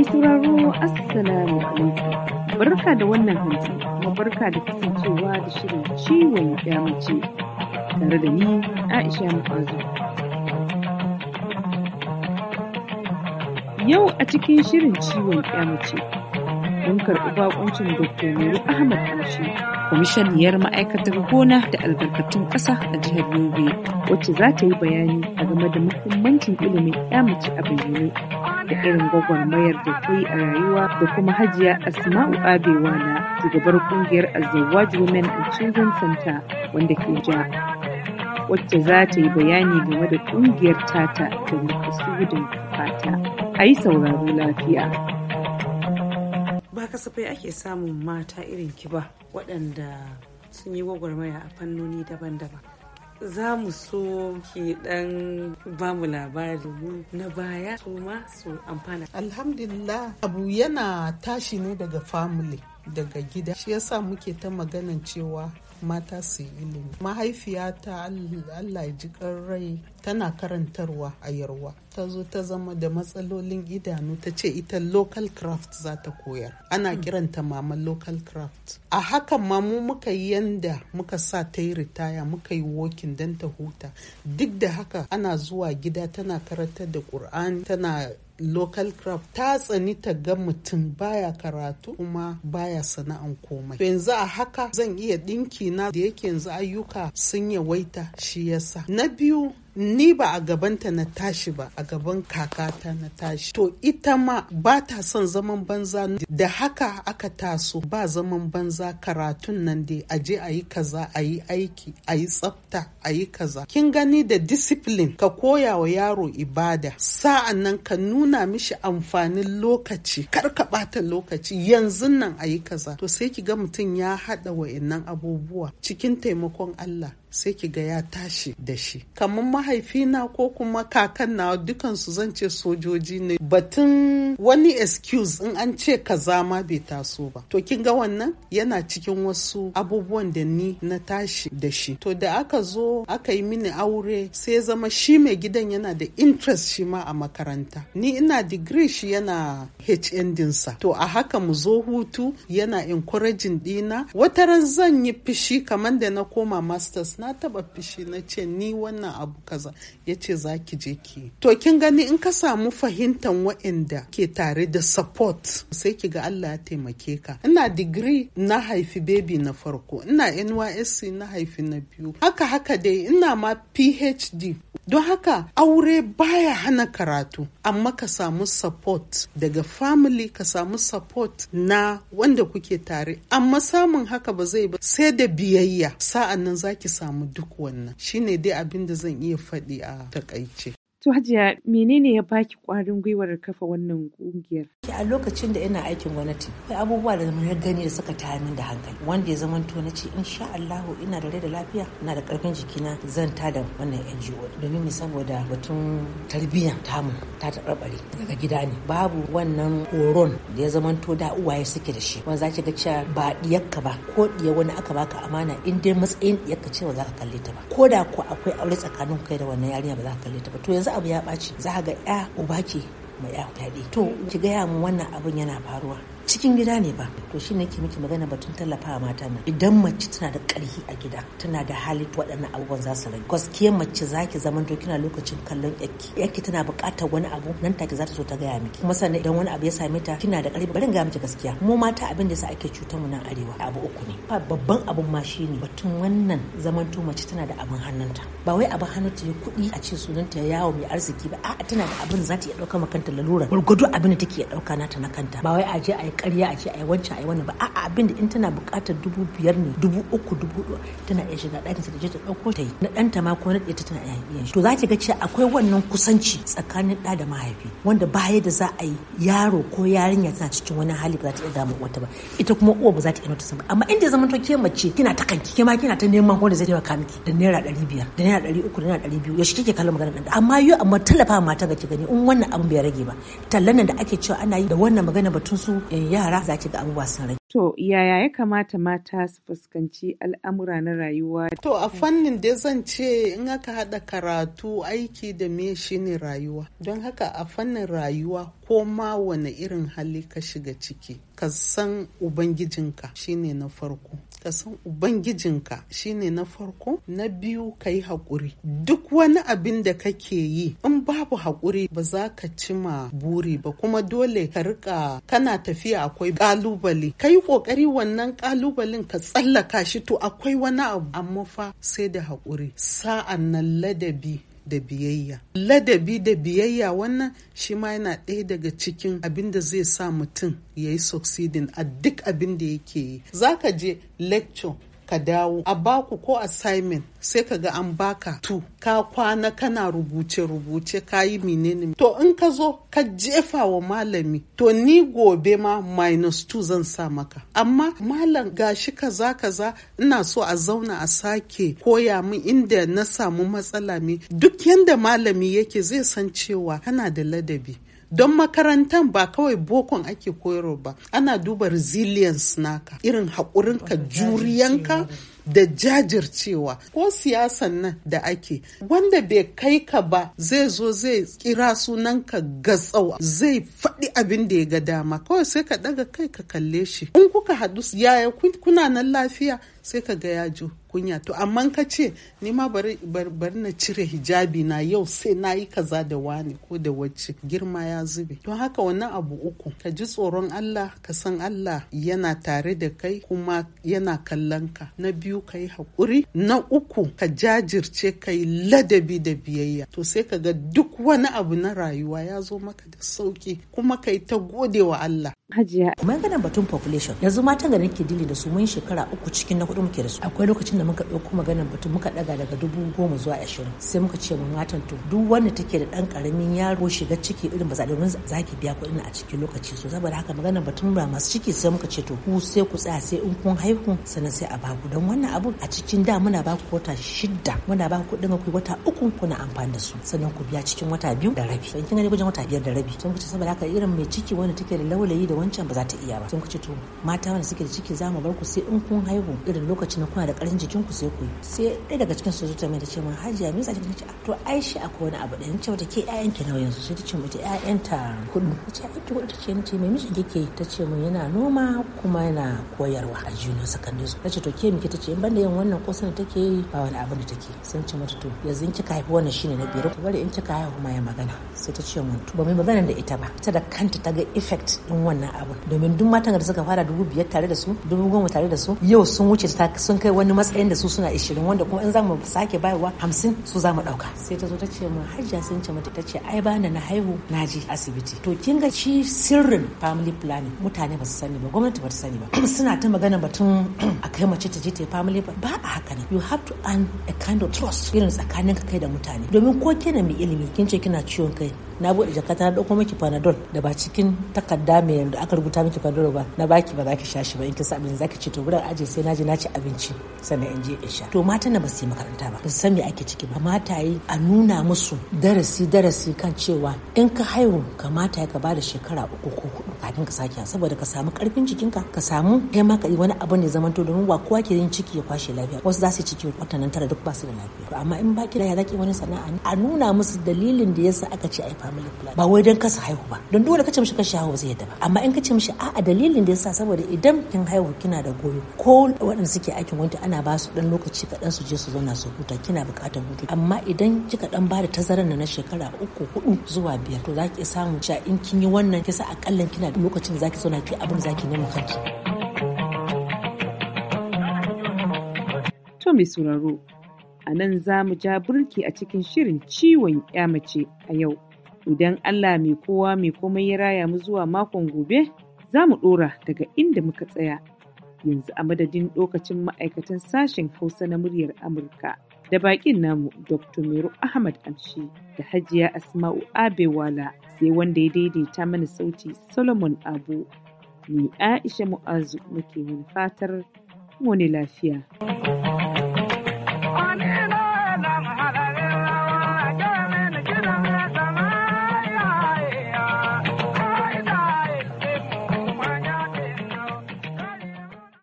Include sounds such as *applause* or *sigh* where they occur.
Mai sauraro Assalamu alaikum. Barka da wannan hantsi, barka da kasancewa da shirin ciwon mace tare da ni Aisha Mu'azu. Yau a cikin shirin ciwon mace mun karɓi bakuncin Dr. Nuru Ahmad Kushi, kwamishaniyar ma'aikatar gona da albarkatun ƙasa a jihar Yobe, wacce za ta yi bayani a game da muhimmancin ilimin mace a bayyane. da irin gwagwarmayar da ta a rayuwa da kuma hajiya asma'u abewa na shugabar kungiyar azawaj women and children center wanda ke ja wacce za ta yi bayani game da kungiyar tata da makasudin fata a yi sauraro lafiya ba kasafai ake samun mata irin ki ba waɗanda sun yi gwagwarmaya a fannoni daban-daban za mu so ki dan ba mu labari na baya su ma su amfana. Alhamdulillah abu yana tashi ne daga family daga gida shi yasa muke ta maganan cewa mata su yi ilimi mahaifiyata allah ya ji rai tana karantarwa a yarwa ta zo ta zama da matsalolin idanu ta ce ita local craft za ta koyar ana hmm. kiranta mama local craft a hakan ma mu muka yi yanda muka sa ta yi ritaya muka yi wokin don ta huta duk da haka ana zuwa gida tana karantar da ƙur'ani tana local craft ta tsani ta ga mutum baya karatu kuma baya sana'an komai to yanzu a haka zan iya dinki na da yake yanzu ayyuka sun yawaita shi yasa na biyu ni ba a gabanta na tashi ba a gaban kakata na tashi to ita ma ba ta son zaman banza da haka aka taso ba zaman banza karatun nan dai Aje je a yi kaza a yi aiki a yi tsafta a yi kaza kin gani da discipline ka koya wa yaro ibada sa'an nan ka nuna mishi amfanin lokaci kar ka bata lokaci yanzu nan a yi kaza to sai ki ga mutum ya haɗa wa'annan abubuwa cikin taimakon Allah sai ki ga ya tashi da shi kamar mahaifina ko kuma kakan na dukansu zan ce sojoji ne batun wani excuse in an ce kaza ma bai taso ba to kin ga wannan yana cikin wasu abubuwan da ni na tashi da shi to da aka zo aka yi mini aure sai zama shi mai gidan yana da interest shi ma a makaranta ni ina digiri shi yana HN dinsa to a haka mu zo hutu yana encouraging dina wataran zan yi fishi kamar da na koma masters na taba fishi na ce ni wannan abu kaza ya ce za ki je ki to kin gani in ka samu fahimtan wa'inda ke tare da support sai ki ga Allah ya taimake ka ina digiri na haifi baby na farko ina NYSC na haifi na biyu haka haka dai ina ma PhD don haka aure baya hana karatu amma ka samu support daga family ka samu support na wanda kuke tare amma samun haka ba zai ba sai da biyayya sa'an nan ki samu samu duk wannan shine dai abin da zan iya faɗi a takaice To Hajiya menene ya baki kwarin gwiwar kafa wannan kungiyar? A lokacin da ina aikin gwamnati, akwai abubuwa da na gani da suka tayar min da hankali. Wanda ya zama to na ce insha Allah ina da rai da lafiya, ina da karfin jikina zan da wannan NGO domin saboda batun tarbiyyar tamu ta tabarbare daga gida ne. Babu wannan horon da ya zama to da uwaye suke da shi. Wanda za ki ga cewa ba diyakka ba ko diya wani aka baka amana in dai matsayin diyakka ce ba za ka kalle ta ba. Ko da ku akwai aure tsakanin kai da wannan yarinya ba za ka kalle ta ba. To yanzu wasu abu ya ɓaci za ga ya uba ke mai ya to ki gaya mu wannan abun yana faruwa cikin gida ne ba to shi ne ke miki magana batun tallafa mata nan idan mace tana da ƙarfi a gida tana da hali waɗannan abubuwan za su rage gaskiyar mace za ki zama to kina lokacin kallon yaki yaki tana buƙatar wani abu nan take za ta so ta gaya miki kuma sannan idan wani abu ya same ta kina da ƙarfi bari ga miki gaskiya mu mata abin da yasa ake cutar mu nan arewa abu uku ne babban abun ma ne batun wannan zaman to mace tana da abin hannunta ba wai abin hannunta ya kuɗi a ce sunanta yawo mai arziki ba a'a tana da abin za ta iya ɗauka makanta lalura gwargwado abin da take iya ɗauka nata na kanta ba wai a je a yi karya a ce ai wancan ai wannan ba a'a abin da in tana buƙatar dubu biyar ne dubu uku dubu hudu tana iya shiga ɗakin sa da ta ɗauko ta yi na ta ma ko na ɗaya tana iya yin shi to za ki ga cewa akwai wannan kusanci tsakanin ɗa da mahaifi wanda baya da za a yi yaro ko yarinya tana cikin wani hali ba za ta iya damu wata ba ita kuma uwa ba za ta iya nota ba amma inda zama to ke mace kina ta kanki ke ma kina ta neman wanda zai taimaka miki da naira ɗari biyar da naira ɗari uku da naira ɗari biyu yaushe kike kallon magana ɗan amma yau amma tallafa mata ga ki gani in wannan abin bai rage ba tallan nan da ake cewa ana yi da wannan magana batun su eh, yanayin eh, yara za ki ga abubuwa sun rage. To yaya ya kamata mata su fuskanci al'amura na rayuwa? To a fannin da zan ce in aka haɗa karatu aiki da me shi ne rayuwa. Don haka a fannin rayuwa ko ma wane irin hali ka shiga ciki. Ka san Ubangijinka shine na farko. ka san ubangijinka shine na farko na biyu ka yi haƙuri duk wani abin da kake yi in babu haƙuri ba za ka cima buri ba kuma dole ka rika kana tafiya akwai ƙalubale ka yi ƙoƙari wannan ƙalubalen ka tsallaka shi to akwai wani abu amma fa sai da haƙuri sa'an nan ladabi da biyayya ladabi da biyayya wannan shi ma yana ɗaya daga cikin abin da zai sa mutum ya yi succeeding a duk abin da yake yi Za ka je lecture ka dawo a baku ko assignment sai ka ga an baka tu ka kwana kana rubuce rubuce ka yi menene to in ka zo ka jefa wa malami to ni gobe ma minus 2 zan sa maka amma malam gashi kaza kaza ina so a zauna a sake koya min inda na samu matsala me duk yanda malami yake zai san cewa kana da ladabi don makarantar ba kawai bokon ake koyarwa ba ana duba resilience naka irin haƙurinka juriyanka da jajircewa ko siyasan nan da ake wanda bai kai ka ba zai zo zai kira sunanka gatsau zai faɗi abin da ya ga dama kawai sai ka ɗaga kai ka kalle shi in kuka haɗu yaya kuna nan lafiya sai ka ga yajo kunya to amma ka ce ni ma bari na cire hijabi na yau sai na yi kaza da wani ko da wacce girma ya zube don haka wani abu uku ka ji tsoron Allah ka san Allah yana tare da kai kuma yana kallon ka na biyu ka yi haƙuri na uku ka jajirce ka yi ladabi da biyayya to sai ka ga duk wani abu na rayuwa ya zo maka da sauki kuma ka yi ta gode wa Allah Hajiya. Maganar batun population yanzu matan garin ke dili da su mun shekara uku cikin na hudu muke da su akwai lokacin da muka ɗauko maganar batun muka ɗaga daga dubu goma zuwa ashirin sai muka ce mun watan to duk wanda take da ɗan ƙaramin yaro shiga ciki irin ba zaɗin za ki biya kuɗin a cikin lokaci so saboda haka maganar batun ba masu ciki sai muka ce to ku sai ku tsaya sai in kun haihu sannan sai a baku don wannan abu a cikin da muna baku wata shidda muna baku kuɗin ku wata uku kuna amfani da su sannan ku biya cikin wata biyu da rabi don kin gani wajen wata biyar da rabi sai muka ce saboda haka irin mai ciki wanda take da laulayi da wancan ba za ta iya ba muka ce to mata wanda suke da ciki za mu bar ku sai in kun haihu irin lokacin kuna da ƙarin cikin ku sai ku sai ɗaya daga cikin su zuta mai da cewa hajiya me yasa kika ce to ai shi akwai wani abu da ce wata ke ƴaƴan ki nawa yanzu sai ta ce mata ƴaƴan ta hudu ta ce ai ki hudu ta ce ni ce me miji kike ta ce mun yana noma kuma yana koyarwa a junior secondary school ta ce to ke miki ta ce in banda yin wannan kosan da take yi ba wani abu da take sai ce mata to yanzu in kika haifi wannan shine na biyar ki bari in kika haifi ma ya magana sai ta ce mun to ba mai magana da ita ba ta da kanta ta ga effect din wannan abu domin duk matan da suka fara dubu biyar tare da su dubu goma tare da su yau sun wuce sun kai wani matsayi ɗayan da su suna ishirin wanda kuma in za mu sake bayarwa hamsin su za mu ɗauka sai ta zo ta ce min hajja sun ce mata ta ce ai bana na haihu na je asibiti to kin ga shi sirrin family planning mutane ba su sani ba gwamnati ba ta sani ba *clears throat* suna ta magana batun *clears throat* a kai mace ta je ta family ba ba a haka ne you have to earn a kind of trust irin tsakanin ka kai da mutane domin ko kina mai ilimi kin ce kina ciwon kai na bude jakata na dauko miki panadol da ba cikin takarda mai da aka rubuta miki panadol ba na baki ba za ki sha shi ba in kin sa abin zaki ce to buran aje sai naje na ci abinci sannan in je in sha to mata na ba su yi makaranta ba ba san me ake ciki ba mata yi a nuna musu darasi darasi kan cewa in ka haihu kamata ka ba da shekara uku ko hudu kafin ka sake saboda ka samu karfin jikinka ka samu kai ma ka yi wani abu ne to domin ba kowa ke yin ciki ya kwashe lafiya wasu za su ciki watannin tara duk ba su da lafiya amma in baki da ya zaki wani sana'a a nuna musu dalilin da yasa aka ce ai family plan ba wai don kasa haihu ba don dole kace mishi kashi haihu zai yadda ba amma in kace mishi a'a dalilin da ya sa saboda idan kin haihu kina da goyo ko waɗanda suke aikin wanta ana ba su dan lokaci kaɗan su je su zauna su huta kina buƙatar hutu amma idan kika dan ba da tazarar na shekara uku hudu zuwa biyar to zaki samu cewa in kin yi wannan kisa akalla kina da lokacin da zaki zauna ki abin zaki nema kanki to mai sauraro a nan za mu ja burki a cikin shirin ciwon ya mace a yau Idan Allah mai kowa mai komai ya raya mu zuwa makon gobe, za mu ɗora daga inda muka tsaya. Yanzu a madadin lokacin ma'aikatan sashen Hausa na muryar Amurka da baƙin namu Dr. Meru Ahmad Amshi da Hajiya Asma'u Abewala sai wanda ya daidaita mana sauti Solomon Abu. Ni Aisha Mu'azu muke fatar wani lafiya.